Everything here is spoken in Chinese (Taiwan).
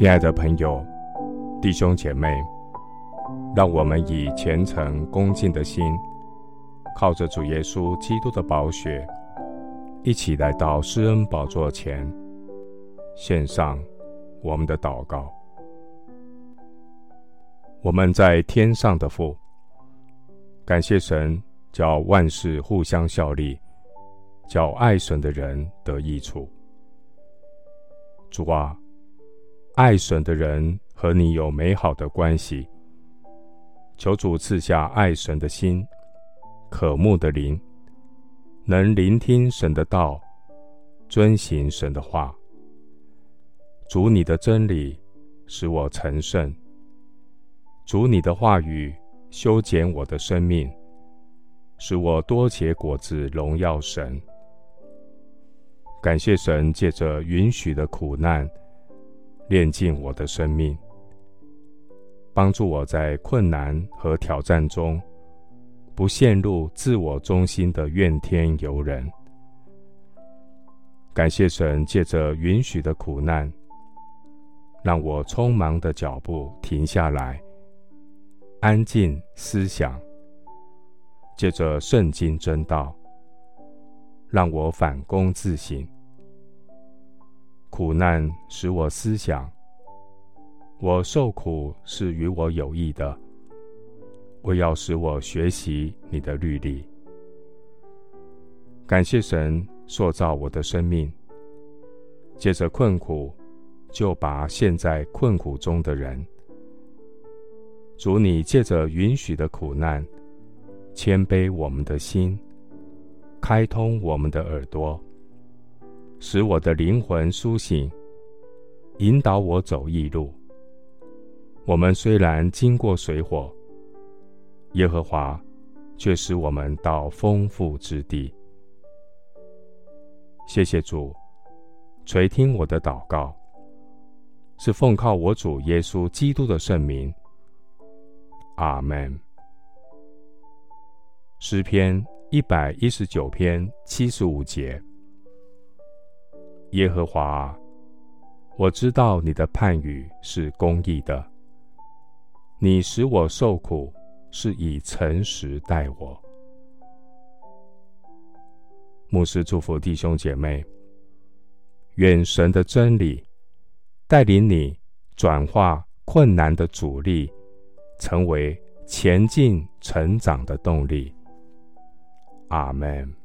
親愛的朋友、弟兄姐妹，讓我們以虔誠恭敬的心，靠着主耶穌基督的寶血，一起來到施恩寶座前，獻上我們的禱告。我們在天上的父，感謝神叫萬事互相效力，叫愛神的人得益處。主啊。愛神的人和你有美好的關係。求主賜下愛神的心，渴慕的靈，能聆聽神的道，遵行神的話。主，你的真理使我成聖主，你的話語修剪我的生命，使我多結果子，榮耀神。感謝神借着允許的苦難，練盡我的生命，幫助我在困難和挑戰中不陷入自我中心的怨天尤人。感謝神借着允許的苦難，讓我匆忙的腳步停下來，安靜思想，借着聖經真道，讓我反躬自省。苦難使我思想，我受苦是與我有益的。我要使我學習你的律例，感謝神塑造我的生命。借着困苦，就把陷在困苦中的人。主，你借着允許的苦難，謙卑我們的心，開通我們的耳朵。使我的靈魂甦醒，引導我走義路。我們雖然經過水火，耶和華卻使我們到豐富之地。謝謝主，垂聽我的禱告。是奉靠我主耶穌基督的聖名。阿門。詩篇一百一十九篇七十五節。耶和華，我知道你的判語是公義的。你使我受苦，是以誠實待我。牧師祝福弟兄姐妹，願神的真理帶領你轉化困難的阻力，成為前進成長的動力。阿們。